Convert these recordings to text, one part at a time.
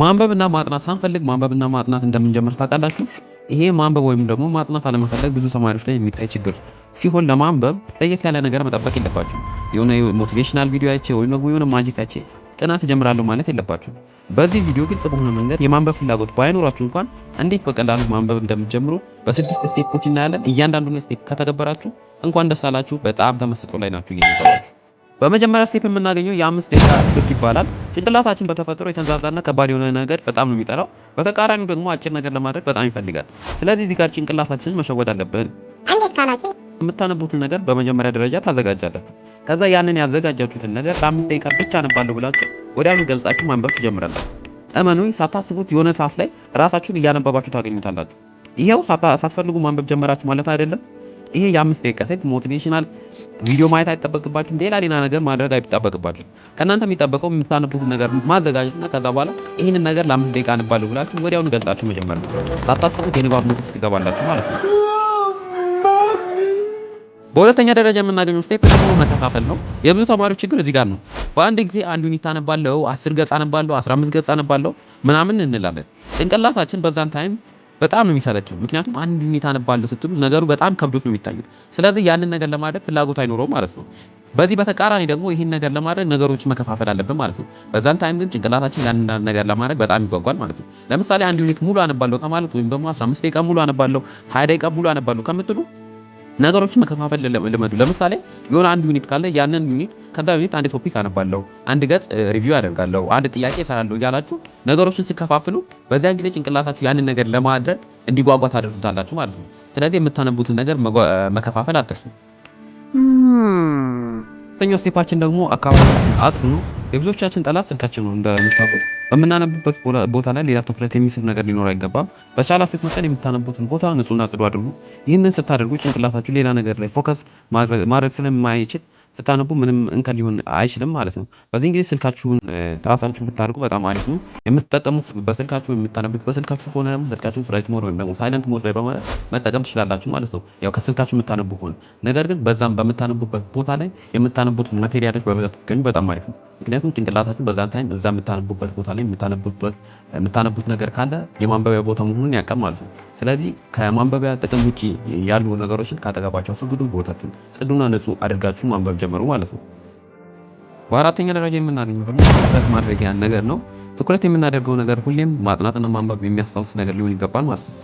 ማንበብና ማጥናት ሳንፈልግ ማንበብና ማጥናት እንደምንጀምር ታውቃላችሁ። ይሄ ማንበብ ወይም ደግሞ ማጥናት አለመፈለግ ብዙ ተማሪዎች ላይ የሚታይ ችግር ሲሆን ለማንበብ ለየት ያለ ነገር መጠበቅ የለባችሁ። የሆነ ሞቲቬሽናል ቪዲዮ አይቼ ወይም ደግሞ የሆነ ማጂክ አይቼ ጥናት እጀምራለሁ ማለት የለባችሁ። በዚህ ቪዲዮ ግልጽ በሆነ መንገድ የማንበብ ፍላጎት ባይኖራችሁ እንኳን እንዴት በቀላሉ ማንበብ እንደምትጀምሩ በስድስት ስቴፖች እናያለን። እያንዳንዱ ስቴፕ ከተገበራችሁ እንኳን ደስ አላችሁ፣ በጣም ተመስጦ ላይ ናችሁ እየነበራችሁ በመጀመሪያ ስቴፕ የምናገኘው የአምስት ደቂቃ ብቅ ይባላል። ጭንቅላታችን በተፈጥሮ የተንዛዛና ከባድ የሆነ ነገር በጣም ነው የሚጠላው። በተቃራኒ ደግሞ አጭር ነገር ለማድረግ በጣም ይፈልጋል። ስለዚህ እዚህ ጋር ጭንቅላታችንን መሸወድ አለብን። የምታነቡትን ነገር በመጀመሪያ ደረጃ ታዘጋጃላችሁ። ከዛ ያንን ያዘጋጃችሁትን ነገር ለአምስት ደቂቃ ብቻ አነባለሁ ብላችሁ ወዲያውኑ ገልጻችሁ ማንበብ ትጀምራላችሁ። እመኑኝ ሳታስቡት የሆነ ሰዓት ላይ ራሳችሁን እያነበባችሁ ታገኙታላችሁ። ይኸው ሳትፈልጉ ማንበብ ጀመራችሁ ማለት አይደለም። ይሄ የአምስት ደቂቃ ሴት ሞቲቬሽናል ቪዲዮ ማየት አይጠበቅባችሁም። ሌላ ሌላ ነገር ማድረግ አይጠበቅባችሁም። ከእናንተ የሚጠበቀው የምታነቡት ነገር ማዘጋጀትና ከዛ በኋላ ይህንን ነገር ለአምስት ደቂቃ አንባለሁ ብላችሁ ወዲያውኑ ገልጣችሁ መጀመር ነው። ሳታስቡት የንባብ ንፍስ ትገባላችሁ ማለት ነው። በሁለተኛ ደረጃ የምናገኘው ስቴፕ ደግሞ መከፋፈል ነው። የብዙ ተማሪዎች ችግር እዚህ ጋር ነው። በአንድ ጊዜ አንድ ዩኒት አነባለሁ፣ 10 ገጽ አነባለሁ፣ 15 ገጽ አነባለሁ ምናምን እንላለን። ጭንቅላታችን በዛን ታይም በጣም ነው የሚሰለችው። ምክንያቱም አንድ ሁኔታ አነባለሁ ስትሉ ነገሩ በጣም ከብዶት ነው የሚታዩት። ስለዚህ ያንን ነገር ለማድረግ ፍላጎት አይኖረውም ማለት ነው። በዚህ በተቃራኒ ደግሞ ይህን ነገር ለማድረግ ነገሮች መከፋፈል አለብን ማለት ነው። በዛን ታይም ግን ጭንቅላታችን ያንን ነገር ለማድረግ በጣም ይጓጓል ማለት ነው። ለምሳሌ አንድ ዩኒት ሙሉ አነባለሁ ከማለት ወይም ደግሞ 15 ደቂቃ ሙሉ አነባለሁ፣ 20 ደቂቃ ሙሉ አነባለሁ ከምትሉ ነገሮችን መከፋፈል ልመዱ። ለምሳሌ የሆነ አንድ ዩኒት ካለ ያንን ዩኒት ከዛ ዩኒት አንድ ቶፒክ አነባለሁ፣ አንድ ገጽ ሪቪው አደርጋለሁ፣ አንድ ጥያቄ እሰራለሁ እያላችሁ ነገሮችን ሲከፋፍሉ በዚያን ጊዜ ጭንቅላታችሁ ያንን ነገር ለማድረግ እንዲጓጓ ታደርጉታላችሁ ማለት ነው። ስለዚህ የምታነቡትን ነገር መከፋፈል አትርሱ። ተኛ ስቴፓችን ደግሞ አካባቢ አጽዱ የብዙዎቻችን ጠላት ስልካችን ነው። እንደምታውቁት በምናነብበት ቦታ ላይ ሌላ ትኩረት የሚስብ ነገር ሊኖር አይገባም። በቻላችሁት መጠን የምታነቡትን ቦታ ንጹህና ጽዱ አድርጉ። ይህንን ስታደርጉ ጭንቅላታችሁ ሌላ ነገር ላይ ፎከስ ማድረግ ስለማይችል ስታነቡ ምንም እንከን ሊሆን አይችልም ማለት ነው። በዚህ ጊዜ ስልካችሁን ራሳችሁን ብታደርጉ በጣም አሪፍ ነው። የምትጠቀሙት በስልካችሁ የምታነቡት በስልካችሁ ከሆነ ደግሞ ስልካችሁ ፍላይት ሞድ ወይም ደግሞ ሳይለንት ሞድ ላይ በማለት መጠቀም ትችላላችሁ ማለት ነው። ያው ከስልካችሁ የምታነቡ ከሆነ ነገር ግን በዛም በምታነቡበት ቦታ ላይ የምታነቡት ማቴሪያሎች በብዛት ገኙ በጣም አሪፍ ነው። ምክንያቱም ጭንቅላታችሁ በዛን ታይም እዛ የምታነቡበት ቦታ ላይ የምታነቡት ነገር ካለ የማንበቢያ ቦታ መሆኑን ያውቃል ማለት ነው። ስለዚህ ከማንበቢያ ጥቅም ውጭ ያሉ ነገሮችን ካጠገባቸው አስወግዱ። ቦታችሁን ጽዱና ንጹህ አድርጋችሁ ማንበብ ጀምሩ ማለት ነው። በአራተኛ ደረጃ የምናገኘው ደግሞ ትኩረት ማድረጊያ ነገር ነው። ትኩረት የምናደርገው ነገር ሁሌም ማጥናትና ማንበብ የሚያስታውስ ነገር ሊሆን ይገባል ማለት ነው።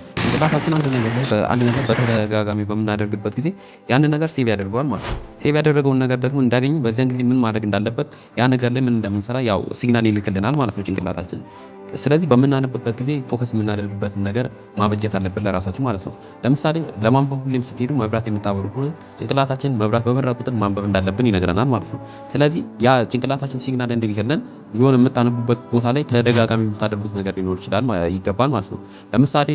ራሳችን አንድ ነገር አንድ ነገር በተደጋጋሚ በምናደርግበት ጊዜ ያን ነገር ሴቭ ያደርገዋል ማለት ነው። ሴቭ ያደረገውን ነገር ደግሞ እንዳገኝ በዚያን ጊዜ ምን ማድረግ እንዳለበት ያ ነገር ላይ ምን እንደምንሰራ ያው ሲግናል ይልክልናል ማለት ነው ጭንቅላታችን ስለዚህ በምናነብበት ጊዜ ፎከስ የምናደርግበትን ነገር ማበጀት አለብን ለራሳችን ማለት ነው። ለምሳሌ ለማንበብ ሁሌም ስትሄዱ መብራት የምታበሩ ከሆነ ጭንቅላታችን መብራት በበራ ቁጥር ማንበብ እንዳለብን ይነግረናል ማለት ነው። ስለዚህ ያ ጭንቅላታችን ሲግናል እንደሚገለን የሆነ የምታነቡበት ቦታ ላይ ተደጋጋሚ የምታደርጉት ነገር ሊኖር ይችላል ይገባል ማለት ነው። ለምሳሌ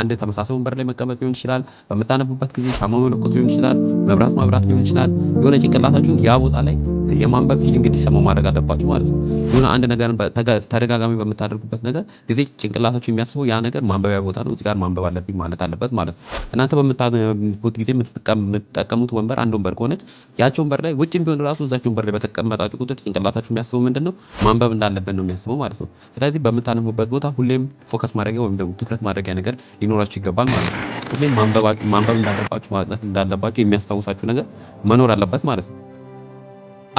አንድ ተመሳሳይ ወንበር ላይ መቀመጥ ሊሆን ይችላል። በምታነቡበት ጊዜ ሻማ መለኮስ ሊሆን ይችላል። መብራት ማብራት ሊሆን ይችላል። የሆነ ጭንቅላታችሁን ያ ቦታ ላይ የማንበብ እንግዲህ እንዲሰማው ማድረግ አለባችሁ ማለት ነው። የሆነ አንድ ነገር ተደጋጋሚ በምታደርጉበት ነገር ጊዜ ጭንቅላታችሁ የሚያስበው ያ ነገር ማንበቢያ ቦታ ነው፣ እዚህ ጋር ማንበብ አለብኝ ማለት አለበት ማለት ነው። እናንተ በምታነቡት ጊዜ የምትጠቀሙት ወንበር አንድ ወንበር ከሆነች ያች ወንበር ላይ ውጭም ቢሆን ራሱ እዛች ወንበር ላይ በተቀመጣችሁ ቁጥር ጭንቅላታችሁ የሚያስበው ምንድን ነው? ማንበብ እንዳለበት ነው የሚያስበው ማለት ነው። ስለዚህ በምታነቡበት ቦታ ሁሌም ፎከስ ማድረጊያ ወይም ደግሞ ትኩረት ማድረጊያ ነገር ሊኖራችሁ ይገባል ማለት ነው። ሁሌም ማንበብ እንዳለባችሁ ማጥናት እንዳለባችሁ የሚያስታውሳችሁ ነገር መኖር አለበት ማለት ነው።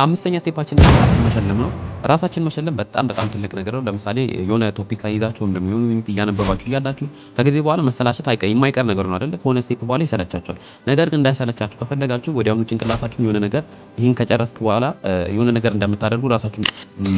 አምስተኛ ስቴፓችን መሸለም ነው። ራሳችን መሸለም በጣም በጣም ትልቅ ነገር ነው። ለምሳሌ የሆነ ቶፒክ ይዛችሁ እንደሚሆኑ እያነበባችሁ እያላችሁ ከጊዜ በኋላ መሰላቸት የማይቀር ነገር ነው አይደለ? ከሆነ ስቴፕ በኋላ ይሰለቻችኋል። ነገር ግን እንዳይሰለቻችሁ ከፈለጋችሁ ወዲያውኑ ጭንቅላታችሁን የሆነ ነገር ይህን ከጨረስክ በኋላ የሆነ ነገር እንደምታደርጉ ራሳችሁን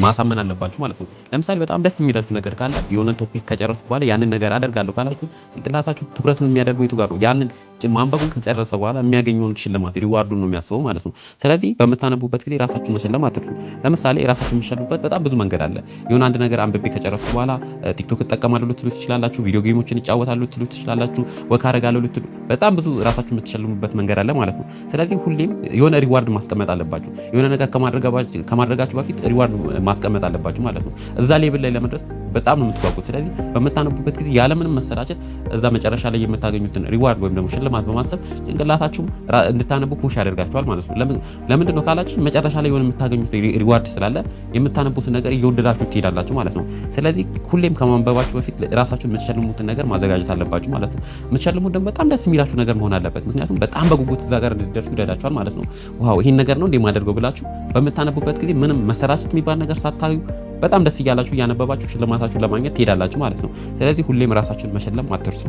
ማሳመን አለባችሁ ማለት ነው። ለምሳሌ በጣም ደስ የሚላችሁ ነገር ካለ የሆነ ቶፒክ ከጨረስክ በኋላ ያንን ነገር አደርጋለሁ ካላችሁ ጭንቅላታችሁ ትኩረቱን የሚያደርገው የቱ ጋር ነው? ያንን ማንበቡን ከጨረሰ በኋላ የሚያገኘውን ሽልማት ሪዋርዱን ነው የሚያስበው ማለት ነው። ስለዚህ በምታነቡበት ጊዜ ራሳችሁን መሸለም አትርፉ። ለምሳሌ ራሳችሁን የምትሰሉበት በጣም ብዙ መንገድ አለ። የሆነ አንድ ነገር አንብቤ ከጨረስኩ በኋላ ቲክቶክ እጠቀማለሁ ልትሉ ትችላላችሁ። ቪዲዮ ጌሞችን እጫወታለሁ ልትሉ ትችላላችሁ። ወክ አደርጋለሁ ልትሉ በጣም ብዙ ራሳችሁ የምትሸልሙበት መንገድ አለ ማለት ነው። ስለዚህ ሁሌም የሆነ ሪዋርድ ማስቀመጥ አለባችሁ። የሆነ ነገር ከማድረጋችሁ በፊት ሪዋርድ ማስቀመጥ አለባችሁ ማለት ነው። እዛ ሌብል ላይ ለመድረስ በጣም ነው የምትጓጉት። ስለዚህ በምታነቡበት ጊዜ ያለምንም መሰላቸት እዛ መጨረሻ ላይ የምታገኙትን ሪዋርድ ወይም ደግሞ ሽልማት በማሰብ ጭንቅላታችሁም እንድታነቡ ፑሽ ያደርጋችኋል ማለት ነው። ለምንድን ነው ካላችሁ መጨረሻ ላይ የሆነ የምታገኙት ሪዋርድ ስላለ የምታነቡትን ነገር እየወደዳችሁ ትሄዳላችሁ ማለት ነው። ስለዚህ ሁሌም ከማንበባችሁ በፊት ራሳችሁን የምትሸልሙትን ነገር ማዘጋጀት አለባችሁ ማለት ነው። የምትሸልሙት ደግሞ በጣም ደስ የሚላችሁ ነገር መሆን አለበት። ምክንያቱም በጣም በጉጉት እዛ ጋር እንድደርሱ ይረዳችኋል ማለት ነው። ዋው ይሄን ነገር ነው እንዲህ ማደርገው ብላችሁ በምታነቡበት ጊዜ ምንም መሰራጨት የሚባል ነገር ሳታዩ በጣም ደስ እያላችሁ እያነበባችሁ ሽልማታችሁን ለማግኘት ትሄዳላችሁ ማለት ነው። ስለዚህ ሁሌም ራሳችሁን መሸለም አትርሱ።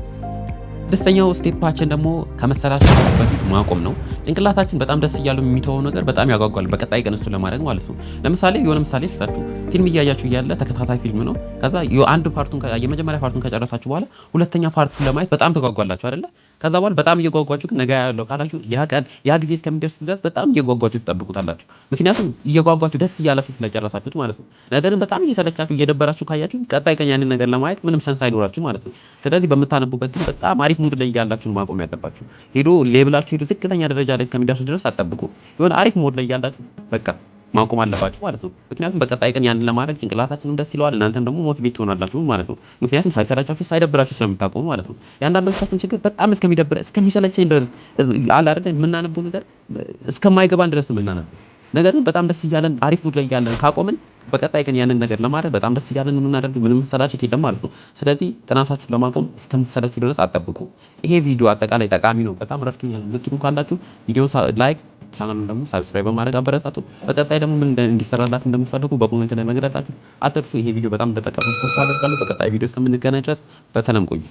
ስድስተኛው ስቴፓችን ደግሞ ከመሰላችሁ በፊት ማቆም ነው። ጭንቅላታችን በጣም ደስ እያሉ የሚተወው ነገር በጣም ያጓጓል፣ በቀጣይ ቀን እሱ ለማድረግ ማለት ነው። ለምሳሌ የሆነ ምሳሌ ስታችሁ ፊልም እያያችሁ እያለ ተከታታይ ፊልም ነው። ከዛ የአንድ ፓርቱን የመጀመሪያ ፓርቱን ከጨረሳችሁ በኋላ ሁለተኛ ፓርቱን ለማየት በጣም ተጓጓላችሁ አይደለ? ከዛ በኋላ በጣም እየጓጓችሁ ግን ነገ ያለው ካላችሁ ያ ቀን ያ ጊዜ እስከሚደርስ ድረስ በጣም እየጓጓችሁ ትጠብቁታላችሁ። ምክንያቱም እየጓጓችሁ ደስ እያላችሁ ስለጨረሳችሁት ማለት ነው። ነገርን በጣም እየሰለቻችሁ እየደበራችሁ ካያችሁ ቀጣይ ቀን ያንን ነገር ለማየት ምንም ሰንስ አይኖራችሁ ማለት ነው። ስለዚህ በምታነቡበት ግን በጣም አሪፍ ሙድ ላይ ያላችሁን ማቆም ያለባችሁ። ሄዶ ሌብላችሁ ሄዶ ዝቅተኛ ደረጃ ላይ እስከሚደርሱ ድረስ አጠብቁ። የሆነ አሪፍ ሞድ ላይ እያላችሁ በቃ ማቆም አለባችሁ ማለት ነው። ምክንያቱም በቀጣይ ቀን ያንን ለማድረግ ጭንቅላታችንም ደስ ይለዋል፣ እናንተም ደግሞ ሞቲቬት ትሆናላችሁ ማለት ነው። ምክንያቱም ሳይሰላቻችሁ ሳይደብራችሁ ስለምታቆሙ ማለት ነው። የአንዳንዶቻችን ችግር በጣም እስከሚደብረ እስከሚሰለቸኝ ድረስ አለ አይደል የምናነበው ነገር እስከማይገባን ድረስ የምናነበው ነገር ግን በጣም ደስ እያለን አሪፍ ሙድ ላይ እያለን ካቆምን በቀጣይ ግን ያንን ነገር ለማድረግ በጣም ደስ እያለን የምናደርግ ምንም መሰላቸት የለም ማለት ነው። ስለዚህ ጥናታችሁን ለማቆም እስከምትሰለችሁ ድረስ አጠብቁ። ይሄ ቪዲዮ አጠቃላይ ጠቃሚ ነው፣ በጣም ረድቶኛል የምትሉ ካላችሁ ቪዲዮ ላይክ ቻናሉን ደግሞ ሳብስክራይብ በማድረግ አበረታቱ። በቀጣይ ደግሞ ምን እንዲሰራላት እንደምትፈልጉ በኮሜንት ላይ መግለጻችሁ አትርሱ። ይሄ ቪዲዮ በጣም ተጠቃሚ በቀጣይ ቪዲዮ እስከምንገናኝ ድረስ በሰላም ቆዩ።